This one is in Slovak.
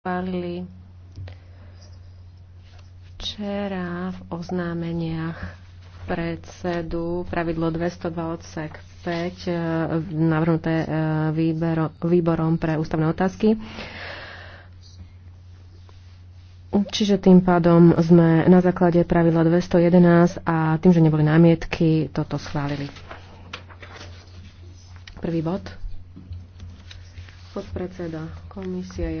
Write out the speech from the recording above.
schválili včera v oznámeniach predsedu pravidlo 202 odsek 5 e, navrhnuté e, výborom pre ústavné otázky. Čiže tým pádom sme na základe pravidla 211 a tým, že neboli námietky, toto schválili. Prvý bod. Podpredseda komisie je